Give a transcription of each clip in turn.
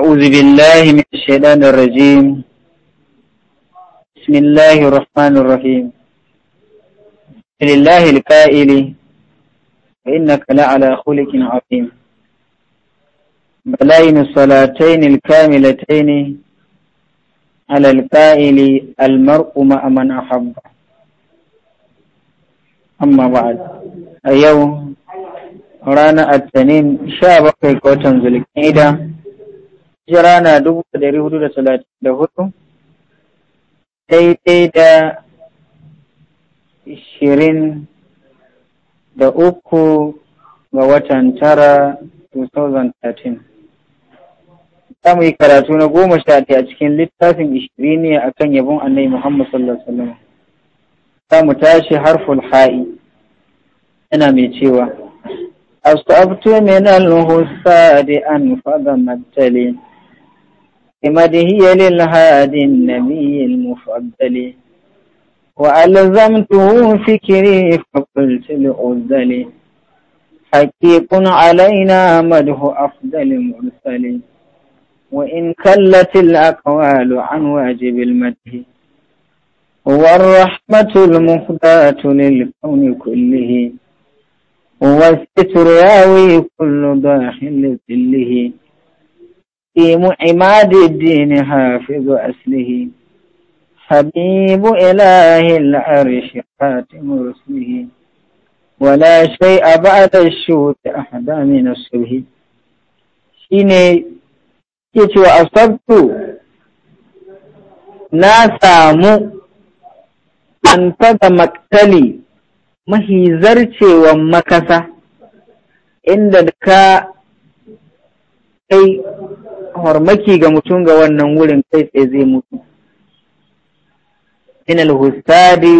أعوذ بالله من الشيطان الرجيم بسم الله الرحمن الرحيم لله الكائل فإنك لعلى خلق عظيم بلين الصلاتين الكاملتين على الكائل المرء مع من أحب أما بعد اليوم رانا التنين شابك وتنزل كيدا hijira na dubu da dari hudu da talatin da hudu daidai da ishirin da uku ga watan tara 2013 za mu yi karatu na goma sha a cikin littafin ne a kan yabon annai muhammad sallallahu alaihi wasallam za mu tashi harful ha'i yana mai cewa أصبت من الهساد أنفذ مبتلين هي للهادي النبي المفضل وألزمته فكري فقلت لأذلي حقيق علينا مده أفضل مرسل وإن كلت الأقوال عن واجب المده والرحمة المهداة للكون كله والستر ياوي كل داخل لذله في معماد الدين حافظ أسله حبيب إله العرش خاتم رسله ولا شيء بعد الشوط أحد من الصبح shine ke cewa asabtu na samu an faga maktali mahi zarcewan makasa inda ka farmaki ga mutum ga wannan wurin kai tsaye zai mutu inal hustadi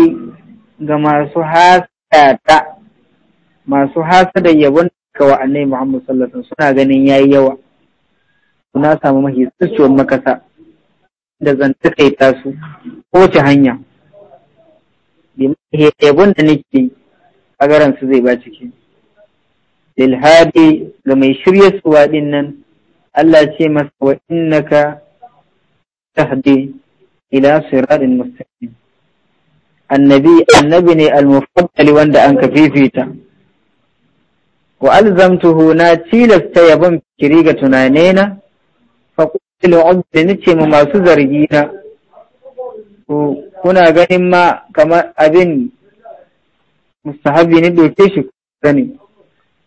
ga masu hasata masu hasada yabon ka wa'annai Muhammadu Muhammad sallallahu suna ganin ya yi yawa suna samu mahi tsiciyar makasa da kai tasu ko wace hanya yabon da nake a garansu zai ba ciki lilhadi ga mai shirya suwaɗin din nan Allah ce masa wa innaka tahdi ila siratin mustaqim annabi annabi ne al-mufaddali wanda an ka fifita wa alzamtuhu na tilasta yabon fikiri ga tunane na fa qulil ubdi nace mu masu zargi na kuna ganin ma kamar abin mustahabi ne dauke shi gani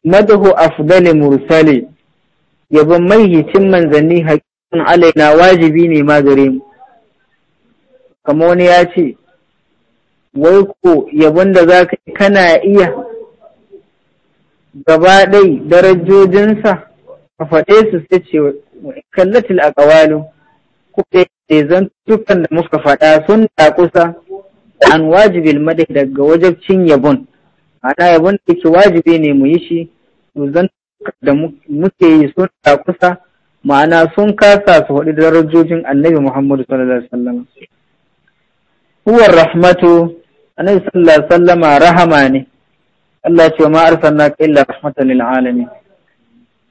madahu afdali mursali yabon maihicin manzanni haƙiƙin alaina wajibi ne ma gare mu kama wani ya ce wai ko yabon da za ka yi, kana iya gaba ɗai darajojinsa a faɗe su sai ce kallatil a ƙawalu ko da zan tukan da muka faɗa sun da kusa an wajibil madai daga wajabcin yabon ana yabon da yake wajibi ne mu yi shi zan da muke yi sun kusa ma'ana sun kasa su faɗi darajojin annabi Muhammadu sallallahu alaihi wasallam huwar rahmatu annabi sallallahu alaihi wasallama rahama ne Allah ce ma arsalna ka illa rahmatan lil alamin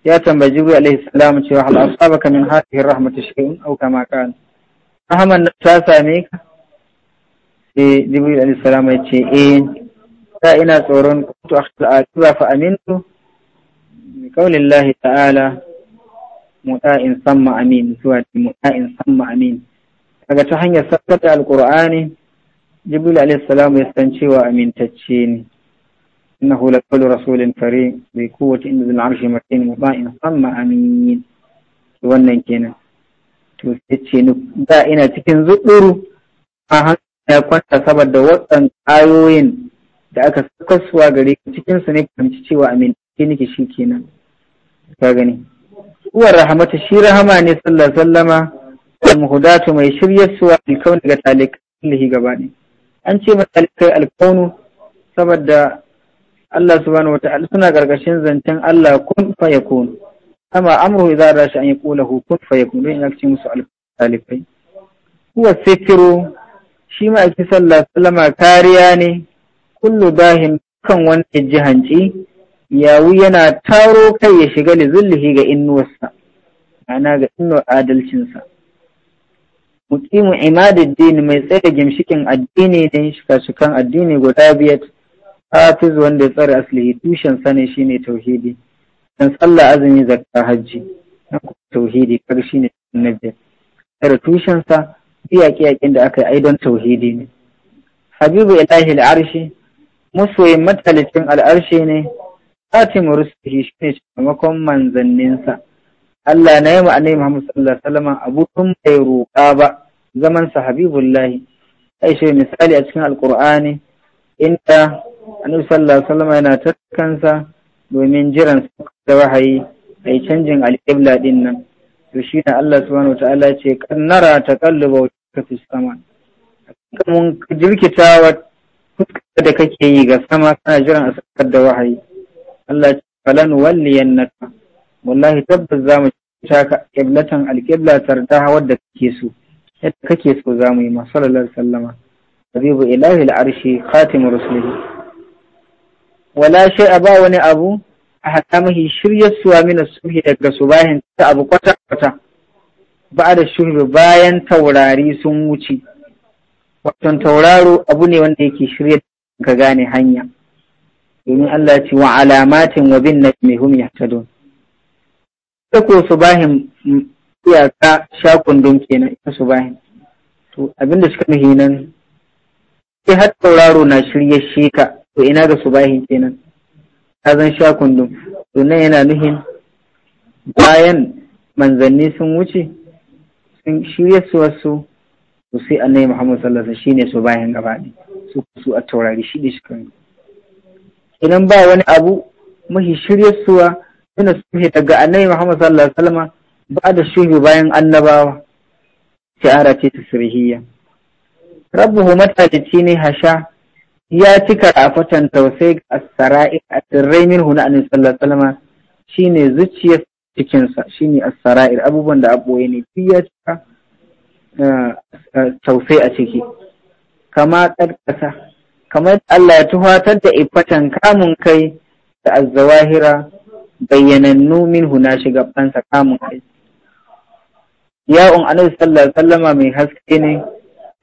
ya tambayi Jibril alaihi salam cewa hal asabaka min hadhihi rahmatu shay'un aw kama kana rahaman ta same ka sai eh, Jibril alaihi salam ya ce eh ta ina tsoron kuntu akhtal akiba fa amintu بقول الله تعالى muta'in samma amin zuwa muta'in samma amin daga ta hanyar saukar da alqur'ani jibril alayhi salam ya san cewa amintacce ne innahu la qawlu rasulin karim bi quwwati inda zil arshi matin mubain samma amin wannan kenan to sai ce ni da ina cikin zuduru a ya kwanta saboda waɗannan ayoyin da aka saukar suwa gare cikin su ne kamci cewa amin ke nake shi kenan ka gani uwar rahamata shi rahama ne sallar sallama al muhudatu mai shirya suwa alkauni ga talikai gaba ne an ce ma talikai alkaunu saboda Allah subhanahu wa ta'ala suna gargashin zancen Allah kun fa yakun amma amru idza rashi an yaqula hu kun fa yakun don ina cikin musu alkalifai huwa sitiru shi ma ake sallar sallama kariya ne kullu dahin kan wani ya ji hanci yawu yana taro kai ya shiga da zullihi ga innuwarsa ana ga innuwar adalcinsa muqimu imaduddin mai tsaye da gimshikin addini da shika-shikan addini guda biyar hafiz wanda ya tsare asali tushen shi shine tauhidi dan sallah azumi zakka hajji nan tauhidi kar ne annabi tsare tushen sa yaƙe da aka yi aidan tauhidi ne habibu ilahi al'arshi masoyin matalicin al'arshi ne khatimu rusulihi shine sakamakon manzanninsa Allah na yi ma'anai Muhammad sallallahu alaihi wasallam abun bai roƙa ba zaman sa habibullahi aisha shi misali a cikin alqur'ani inda annabi sallallahu alaihi yana tattakansa domin jiran da wahayi ai canjin alƙibla din nan to shi ne Allah subhanahu wataala ce kan nara taqalluba wajhaka fi sama mun jirkitawa fuskar da kake yi ga sama kana jiran a sakar da wahayi Allah ce falan walliyan naka wallahi tabbas za mu shaka kiblatan alqibla tardaha wadda kake so yadda kake so za mu yi ma sallallahu alaihi habibu ilahi al'arshi khatimur rusuli wala shay'a ba wani abu a hakamahi shiryar suwa mina suhi daga subahin ta abu kwata kwata ba da shirbi bayan taurari sun wuce wato tauraro abu ne wanda yake shirya ka gane hanya domin Allah ya ce wa alamatin wa bin najmi hum yahtadun ta ko subahin iyaka sha kundum kenan ita bahin to abinda suka nuhi nan sai har tauraro na shirye sheka. to ina ga su bahin kenan ta zan sha kundum to nan yana nuhin bayan manzanni sun wuce sun shirye su wasu to sai annabi Muhammad sallallahu alaihi wasallam shine subahin gaba ne su su a taurari shi ne shi kan idan ba wani abu mahi shirya suwa yana suhe daga annabi Muhammad sallallahu alaihi wasallam ba da shuhu bayan annabawa shi'ara ce ta sirhiyya rabbuhu matalici ne hasha ya cika rafatan tausai ga asara'i a sirrai min huna annabi sallallahu alaihi wasallam shine zuciyar cikinsa shine asara'i abubuwan da aboye ne ya cika eh, eh, tausai a ciki kama ƙarƙasa kamar Allah ya tuhatar da ifatan kamun kai da azzawahira bayyanannu huna shiga fansa kamun kai ya'un annabi Sallar sallama mai haske ne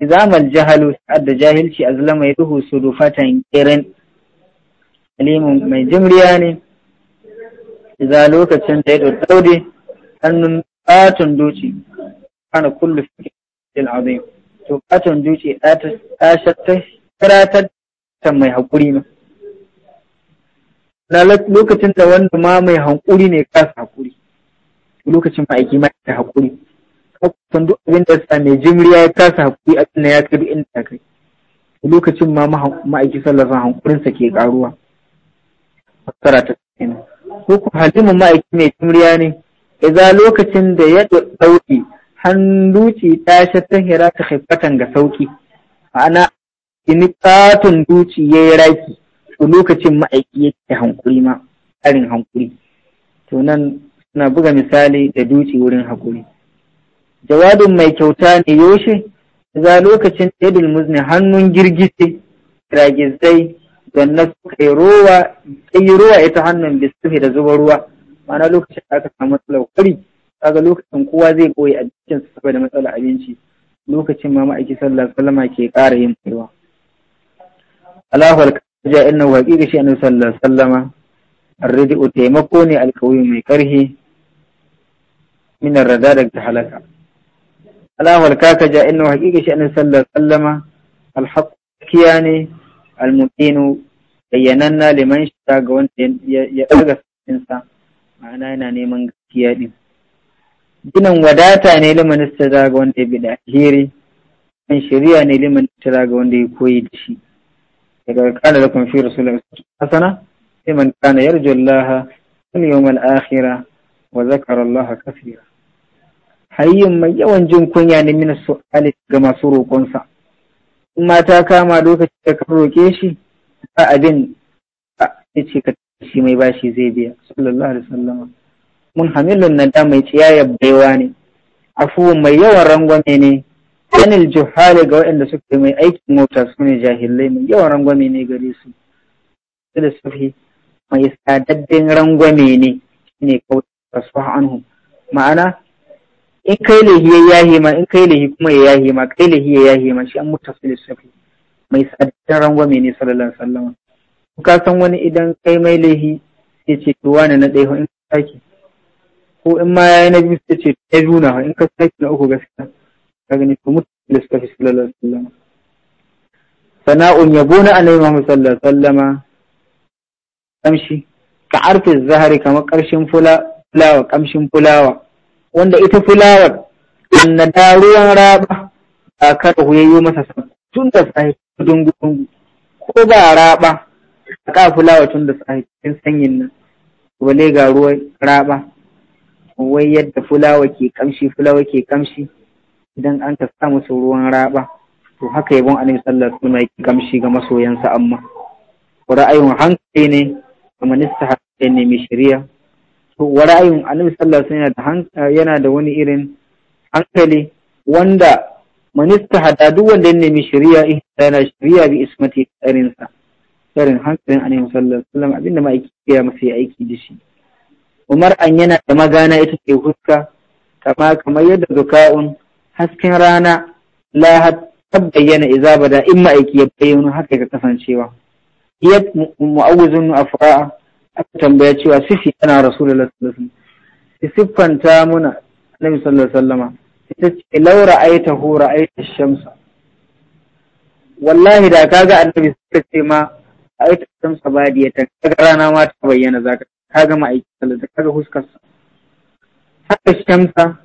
izamal jahalu sa'ad da jahilci azlama ya duhu surufatan kirin alimun mai jimriya ne iza lokacin da ya dodode hannun katon doci kana kullu fil azim to katon doci ta can mai haƙuri ne lokacin da wanda ma mai haƙuri ne kasa haƙuri lokacin ma'aiki ma ta haƙuri kusan duk abin da sa mai jimriya ya kasa haƙuri a da ya kai inda ta kai lokacin ma ma'aiki sallafin hankurinsa ke ƙaruwa fassara ta kenan ko kuma halimin ma'aiki mai jimriya ne za lokacin da ya ɗauki hannu ce ta ta hira ta haifatan ga sauki ma'ana ini katon duci ya yi raki to lokacin ma'aiki yake hankuri ma tsarin hankuri to nan suna buga misali da duci wurin hakuri jawabin mai kyauta ne yoshe za lokacin ɗadin muzni hannun girgise ragizai don na suka yi rowa yi ita hannun bisufi da zuba ruwa ma'ana lokacin da aka samu matsalar kwari kaga lokacin kowa zai koyi abincin saboda matsalar abinci lokacin ma ma'aiki sallar salama ke ƙara yin kaiwa. alahu alkaja inna haƙiƙa shi annabi sallallahu alaihi arridi u taimako ne alkawi mai karhi min arrada daga halaka alahu alkaja inna haƙiƙa shi annabi sallallahu alaihi wasallam alhaqiya ne almuqinu bayyananna liman shiga ga wanda ya daga sa ma'ana yana neman gaskiya din ginin wadata ne liman istira ga wanda ya bi da alheri kan shari'a ne liman istira ga wanda ya koyi da shi daga kana da kun fi rasulun hasana sai man kana yarju Allah wal yawmal akhira wa zakara Allah kaseera hayyin mai yawan jin kunya ne min su'ali ga masu roƙonsa in mata ta kama lokaci da ka roƙe shi ba abin ya ce ka shi mai bashi zai biya sallallahu alaihi wasallama mun hamilun nan da mai ciyayyar baiwa ne afuwan mai yawan rangwame ne anil juhali ga waɗanda suka yi mai aikin mota su ne jahilai mai yawan rangwame ne gare su su da sufi mai sadaddin rangwame ne shine kawai kasuwa anhu ma'ana in kai lahi ya yahi ma in kai lahi kuma ya yahi ma kai lahi ya yahi ma shi an mutasil sufi mai sadaddin rangwame ne sallallahu alaihi wasallam ka san wani idan kai mai lahi sai ce to wani na ɗaya in ka sake ko in ma ya yi na biyu sai ce na biyu na in ka sake na uku gaskiya ka gani kuma da sallallahu alaihi wasallam sana'un yabo na annabi Muhammad sallallahu alaihi wasallama kamshi ka arfi zahari kamar karshen fulawa kamshin fulawa wanda ita fulawar wanda da ruwan raba ba kada huyayyo masa tun da sahi dungu dungu ko ba raba ka fulawa tun da sahi cikin sanyin nan wale ga ruwan raba wai yadda fulawa ke kamshi fulawa ke kamshi idan an ka sa musu ruwan raba to haka yabon annabi sallallahu alaihi wasallam yake kamshi ga masoyansa amma ra'ayin hankali ne Minista nista ne mai shari'a to ra'ayin annabi sallallahu alaihi wasallam yana da wani irin hankali wanda manista hada duk wanda ya nemi shari'a yana shari'a bi ismati tsarin sa tsarin hankalin annabi sallallahu alaihi wasallam abinda ma yake ya masa aiki da shi Umar an yana da magana ita ce huska kama kamar yadda zuka'un hasken rana la tabbayyana iza bada in ma'aiki ya bayyana haka ga kasancewa ya mu'awwizun afra'a aka tambaya cewa sifi yana rasulullahi sallallahu alaihi wasallam sifanta muna annabi sallallahu alaihi wasallama ita ce laura ra'aytahu ra'ayta shamsa wallahi da kaga annabi suka ce ma ra'ayta shamsa badiyatan kaga rana ma ta bayyana zaka kaga ma'aiki sallallahu alaihi kaga huskar haka shamsa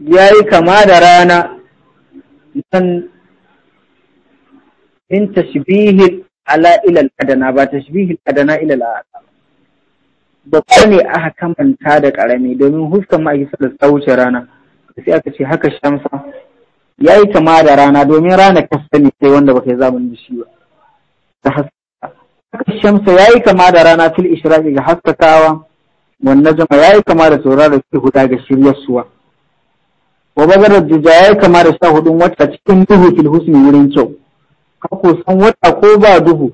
ya yi kama da rana nan in tashbihi ala ilal adana ba tashbihi adana ilal ba. babba ne aka kamanta da karami domin huskan ma'aikata da wuce rana sai aka ce haka shamsa ya yi kama da rana domin rana ka sani sai wanda baka yi zamani da shi ba ta haskaka haka shamsa ya yi kama da rana fil ishraqi ga haskakawa wannan jama ya yi kama da tsoron da ke huda ga shiryar shiryarsuwa wa bazarar jija ya kama da sha hudun wata cikin duhu fil husni wurin kyau ka san wata ko ba duhu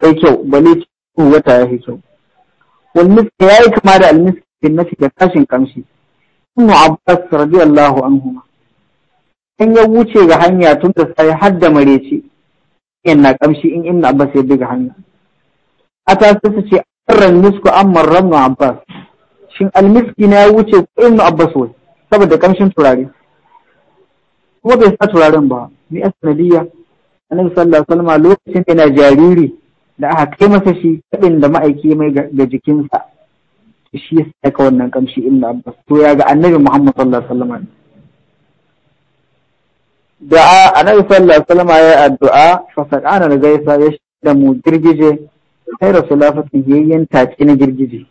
sai kyau bale cikin wata ya fi kyau wal ya yi kama da almiskin na cikin kashin kamshi ibnu abbas radiyallahu huma. in ya wuce ga hanya tun da sai har da ce. in na kamshi in ibnu abbas ya ga hanya ta sai su ce arran misku amma rannu abbas shin almiski na ya wuce ko ibnu abbas wai saboda kamshin turare kuma bai sa turaren ba ni sanadiyya annabi nan alaihi salma lokacin yana jariri da aka kai masa shi kaɗin da ma'aiki mai ga jikinsa shi ya saka wannan kamshi inda abbas to ya ga annabi muhammad sallallahu salma wasallam da'a annabi sallallahu alaihi ya addu'a fa sadana da gaisa ya da mu girgije sai rasulullahi yayyan tace na girgije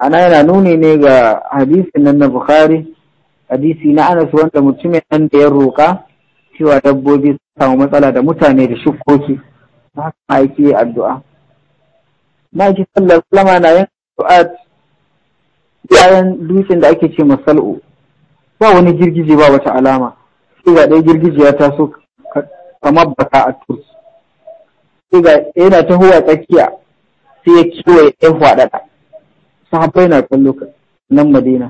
ana yana nuni ne ga hadisin nan na bukhari hadisi na Anas wanda mutumin nan da ya roƙa cewa dabbobi su samu matsala da mutane da shukoki. na haka yi addu'a Na ma'aiki sallar lama na yin addu'a bayan dutsen da ake ce masal'u ba wani girgije ba wata alama sai ga ɗaya girgije ya taso kamar baka a turs sai ga yana tahowa tsakiya sai ya kiwaye ya faɗaɗa sahabbai na kallo nan madina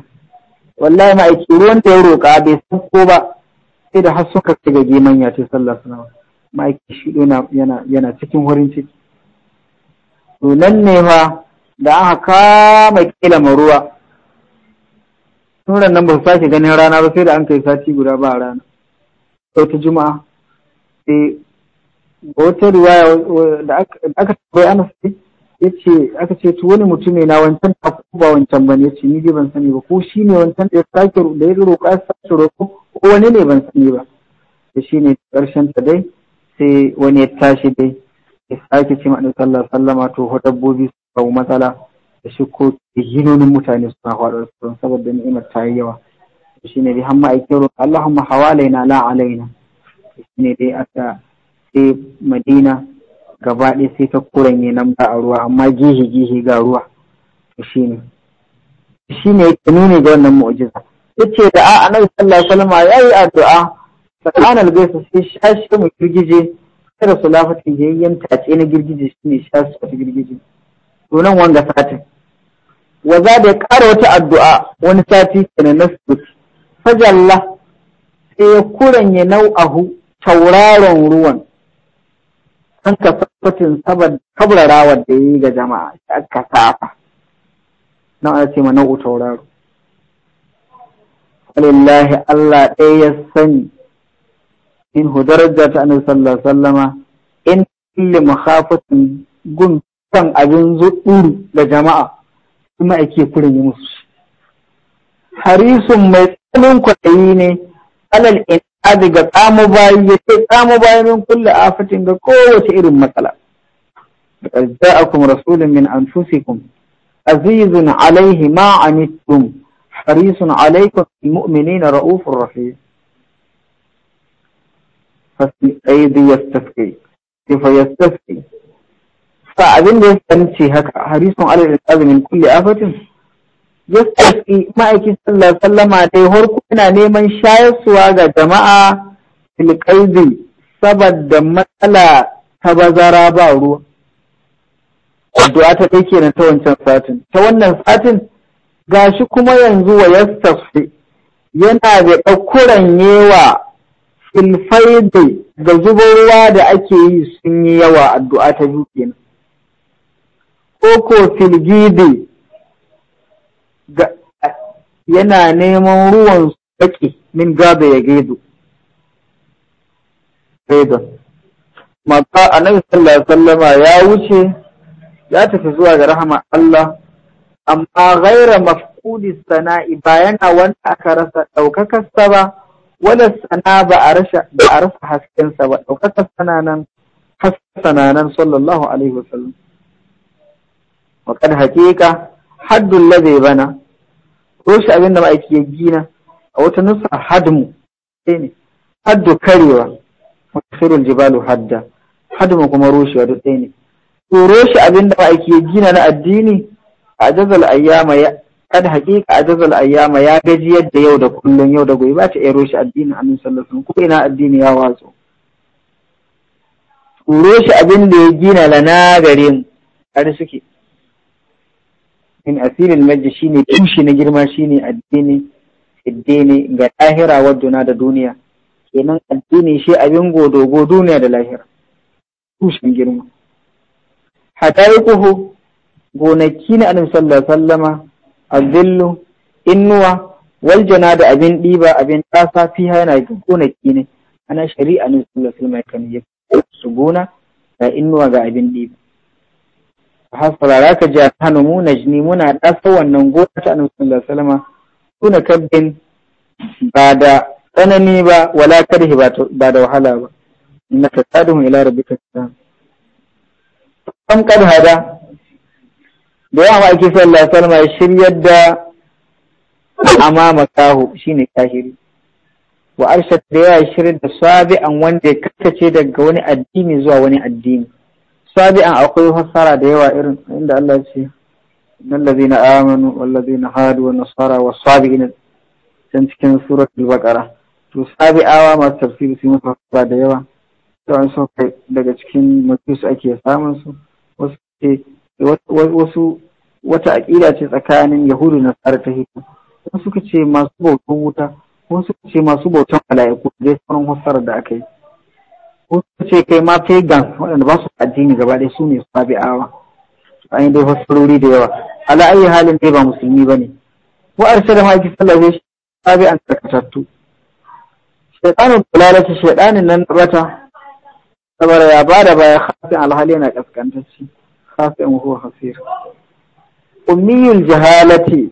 wallahi ma aiki ruwan da ya roƙa bai san ko ba sai da har sun kakka ga geman ya ce sallah suna ma aiki shi yana cikin wurin ciki to ne ma da aka kama kilama ruwa turan nan ba su sake ganin rana ba sai da an kai sati guda ba rana sau ta juma'a sai wata riwaya da aka tabbai ana sai yace aka ce to wani mutum ne na wancan ta ko ba wancan bane yace ni dai ban sani ba ko shi ne wancan da ya sake da ya roƙa ya sake roƙo ko wani ne ban sani ba to shine karshen ta dai sai wani ya tashi dai ya sake ce ma'anar sallar sallama to ho dabbobi su kawo matsala da shi ko ginonin mutane su na faɗo su saboda ni'imar ta yi yawa to shine dai hamma aikin kero Allahumma hawalaina la alaina shine dai aka sai Madina gaba ɗaya sai ta kuranye nan ba a ruwa amma gihi gihi ga ruwa to ne ya yake nuni ga wannan mu'jiza ce da a annabi sallallahu alaihi wasallam yayi addu'a tsakanin gaisa sai shashi mu girgije kada su lafata yayyan tace na girgije shine shashi ta girgije to nan wanga satin wa da ya ƙara wata addu'a wani sati kenan na sukuti fajalla sai ya kuranye nau'ahu tauraron ruwan an kasafatin rawar da yi ga jama'a ta kasafa na a ce mana tauraro Alillahi Allah ɗaya ya sani in da ta annabi sallallahu sallama in kulli mukhafatin gun kan abin zuɗuru da jama'a kuma ake kurin yi musu harisun mai tsanin kwaɗayi ne alal in adiga tsamu bayi ya ce tsamu bayi min kulle afatin ga kowace irin matsala جاءكم رسول من أنفسكم عزيز عليه ما عنتم حريص عليكم المؤمنين رؤوف رحيم أيدي يستسقي كيف يستسقي فأبين يستنشي هكا حريص عليه من كل آفة yastasi ma'aikin sallar sallama dai horku yana neman shayarsuwa ga jama'a filkaizi saboda matsala ta bazara ba ruwa addu'a ta ɗai ta wancan satin ta wannan satin gashi kuma yanzu wa yastasi yana da ɗaukuran yewa filfaidi da zubar ruwa da ake yi sun yi yawa addu'a ta biyu kenan ko ko filgidi yana neman ruwan baƙi min gada ya gaido. Gaidon. Mata annabi sallallahu sallama ya wuce ya tafi zuwa ga rahama Allah, amma gaira mafkudi sana'i ba yana wanda aka rasa ɗaukakarsa ba, wala sana ba a rasa haskensa ba, ɗaukakar sananan hasananan sallallahu alaihi wasallam. Waƙar haƙiƙa, haddun lazai bana, roshi abinda ma'aiki ya gina a wata nufa hadmu sai eh ne haddu karewa wasirul jibalu hadda hadmu kuma Roshi duk ɗaya ne to roshi abinda ma'aiki ya gina na addini a jazal ayyama ya kada hakika a jazal ayyama ya gaji yadda yau da kullum yau da gobe ba ta iya roshi addini a sallallahu alaihi ko ina addini ya watso roshi abinda ya gina lana garin kare suke min asirin majji shine tushe na girma shine addini addini ga lahira wadduna da duniya kenan addini shi abin godogo duniya da lahira tushen girma hata yi kuhu gonaki na annabi sallallahu wasallama azillu innuwa waljana da abin ɗiba abin ɗasa fiha yana gonaki ne ana shari'a ne sallallahu alaihi wasallama ya yi su gona ga innuwa ga abin ɗiba za ka ji a hannu mu na jini muna ɗasa wannan gona ta annabi sallallahu alaihi wasallam na kabbin ba da tsanani ba wala karhi ba da wahala ba innaka sadihun ila rabbika salam an kad hada da yawa ake sallallahu alaihi wasallam ya shiryar da amama kahu shine kahiri wa arshad da ya shiryar da sabi'an wanda ya kaskace daga wani addini zuwa wani addini sabi'an akwai fassara da yawa irin inda Allah ce amanu الذين آمنوا والذين wa والنصارى والصابئين can cikin suratul baqara to sabi'awa masu tafsiri sun fassara da yawa to an so kai daga cikin mutus ake samun su wasu wasu wata aqida ce tsakanin yahudu na tsara ta hito wasu suka ce masu bautan wuta wasu suka ce masu bautan mala'iku dai sauran fassara da aka yi wasu ce kai ma pagan waɗanda ba su da addini gaba ɗaya su ne su tabi'awa an yi dai fassarori da yawa ala ayi halin dai ba musulmi ba ne wa arsala ma ki sallabe shi tabi'an karkatattu shaitanin bulalata shaitanin nan rata saboda ya ba da baya hasin alhali yana kaskantacci hasin huwa hasir ummiyul jahalati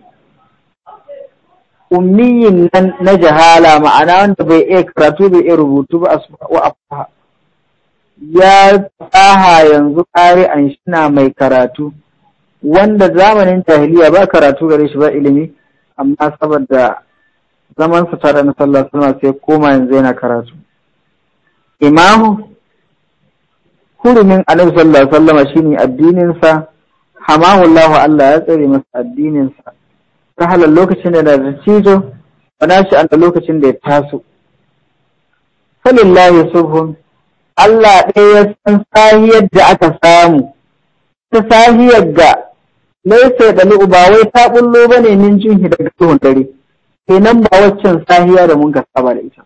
ummiyin nan na jahala ma'ana wanda bai iya karatu bai iya rubutu ba su wa afaha ya tsaha yanzu ƙari'an shina mai karatu wanda zamanin jahiliya ba karatu gare shi ba ilimi amma saboda zaman su tare na sallah suna sai koma yanzu yana karatu imamu hurumin annabi sallallahu alaihi wasallam shine addinin sa hamahullahu Allah ya tsare masa addininsa. sa ta halal lokacin da da cijo bana shi an lokacin da ya taso falillahi subhanahu Allah ɗaya ya san sahiyar da aka samu ta sahiyar ga laisa da lu'u ba wai ta ɓullo ba ne min jin daga tuhun dare nan ba waccan sahiya da mun saba da ita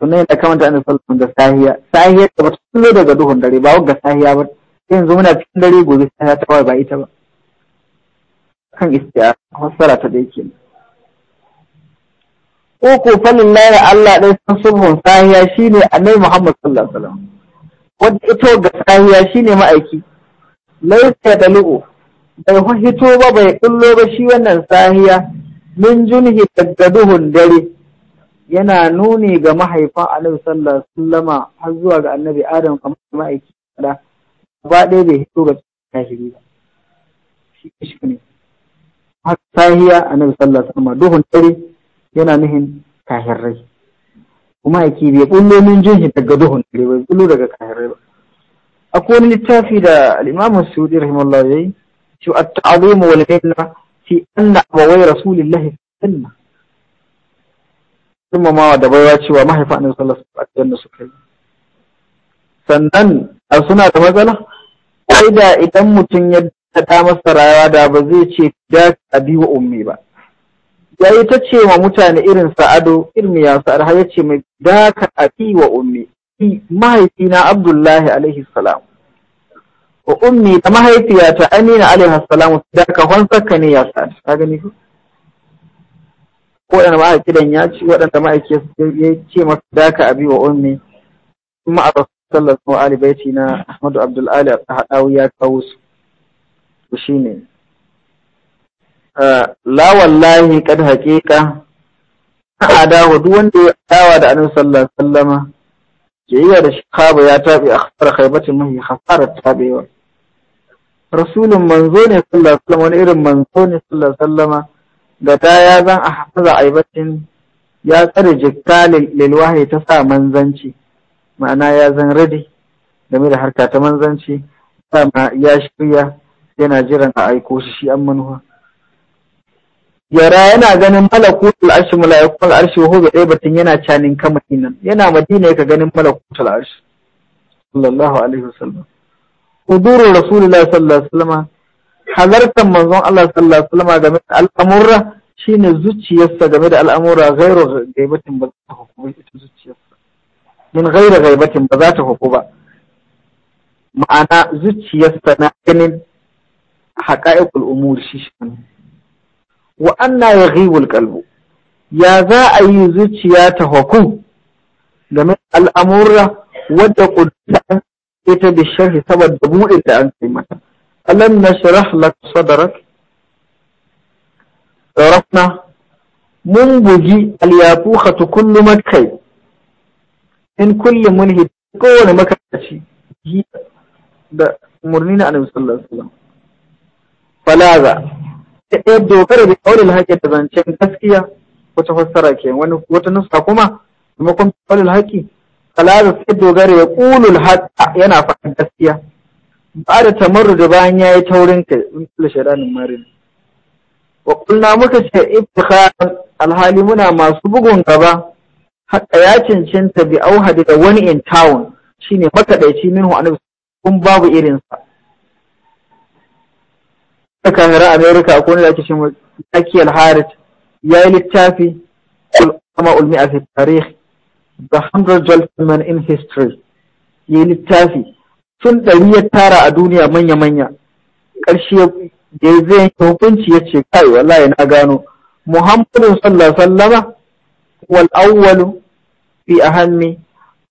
sunan da kamata an sallan da sahiya Sahiyar da bata bullo daga duhun dare ba wagga sahiya ba yanzu muna cikin dare gobe sahiya ta ba ita ba kan istiya fassara ta da yake kenan ko ko falin Allah ɗai san subhun sahiya shine annabi Muhammad sallallahu alaihi wasallam wanda ito ga sahiya shine ma'aiki laisa lu'u, bai hito ba bai kullo ba shi wannan sahiya min junhi duhun dare yana nuni ga mahaifan annabi sallallahu alaihi wasallam har zuwa ga annabi Adam kamar ma'aiki da ba ɗaya bai hito ga sahiya ba shi ne har sahiya annabi sallallahu alaihi wasallam duhun dare yana nuhin kahirrai kuma yake bai bullo min jinhi daga duhun dare bai bullo daga kahirrai ba akwai wani littafi da al-Imam Sudi rahimahullah yayi shi at-ta'zim wal milla fi anna abawai rasulillahi sunna kuma ma da baiwa cewa mahaifa annabi sallallahu alaihi wasallam suka yi sannan a suna da matsala sai da idan mutum ya daɗa masa rayuwa da ba zai ce da abi wa ummi ba ya yi ta ce wa mutane irin sa'ado irin ya sa'ar har ya ce mai daka abi wa ummi mahaifina abdullahi alaihi salam wa ummi da mahaifiyata amina alaihi salam daka hansaka ne ya sa'ar ka gani ko waɗanda ma'aikidan ya ci waɗanda ma'aiki ya ce masa daka abi wa ummi kuma a sallallahu alaihi na Ahmadu Abdullahi a haɗawu ya kawo su Eh, la wallahi kad ada wa duk wanda ya dawa da annabi sallallahu alaihi wasallama ya da shikaba ya tabi akhbar khaybatin min khasara tabiwa rasulun manzo ne sallallahu alaihi wani irin manzo ne sallallahu alaihi wasallam da ta ya zan a hafaza aibatin ya tsare jikka wahyi ta sa manzanci ma'ana ya zan rade game da harka ta manzanci ya shirya yana jiran a aiko shi shi an manuwa yara yana ganin malakutul arshi malaikul arshi wa huwa ɗaya batun yana canin ka madina yana madina ka ganin malakutul arshi sallallahu alaihi wasallam hudurur rasulullahi sallallahu alaihi wasallam halartar manzon Allah sallallahu alaihi wasallam game da al'amura shine zuciyarsa game da al'amura ghairu ghaibatin ba ta hukuba ita zuciyarsa min ghairu ghaibatin ba za ta hukuba ma'ana zuciyarsa na ganin haqa'iqul umur shi shi wa anna ya ghiwul kalbu ya za a yi zuciya ta hukum game al'amurra wadda kudin ita da sharhi saboda buɗe da an kai mata alam nashrah lak sadrak rafna mun bugi alyafukhatu kullu makai in kulli mulhi kowane makaci da murnina annabi sallallahu alaihi wasallam falaza ta ɗaya dogara da ƙaunar haƙƙi da zancen gaskiya wata fassara ke wani wata nuska kuma maimakon ƙaunar haƙƙi kalaza sai dogara ya ƙulul haƙa yana faɗin gaskiya ba da tamarru da bayan ya yi taurin kai in kula shaidanin marin wa kulna muka ce ibtikharan alhali muna masu bugun gaba haƙƙa ya cancanta bi auhadi da wani in town shine makaɗaici minhu annabi kun babu irinsa tsakanin Amerika akwai wani da ake shimo Zaki alharit ya yi littafi kuma ulmi a tarih The Hundred Gentlemen in History ya yi littafi sun ɗari ya tara a duniya manya-manya ƙarshe da zai yi hukunci ya ce kai wallahi na gano Muhammadu sallallahu sallama wal awwalu fi ahammi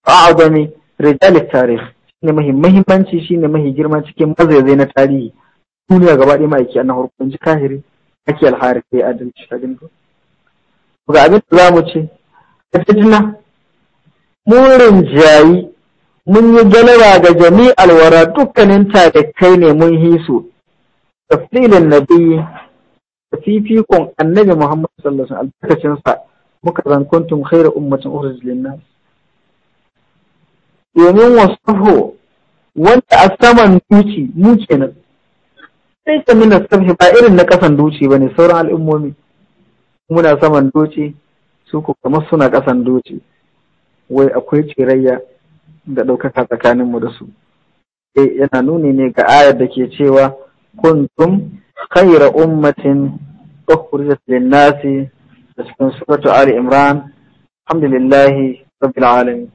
a'zami rijal tarih shine mahimmanci shine mahi girma cikin mazaizai na tarihi duniya gaba ɗaya ma'aiki a nahar kun ji kahiri ake alhari yi adalci ka gani ga abin da za mu ce ka tajina mun rinjayi mun yi galaba ga jami alwara dukkanin ta talikai ne mun hisu na nabiyyi da fifikon annabi muhammad sallallahu alaihi wasallam albarkacinsa muka zankuntum khairu ummatin ukhrijat lin-nas domin wasaho wanda a saman duki mu kenan Sai ta as-sabhi ba irin na kasan doce ne, sauran al'ummomi muna saman doce su ku kama suna kasan doce wai akwai cirayya da ɗaukaka tsakaninmu da su E, yana nuni ne ga ayar da ke cewa kuntum khayra ummatin ukhrijat lin-nasi da cikin suratu ali imran alhamdulillah rabbil alamin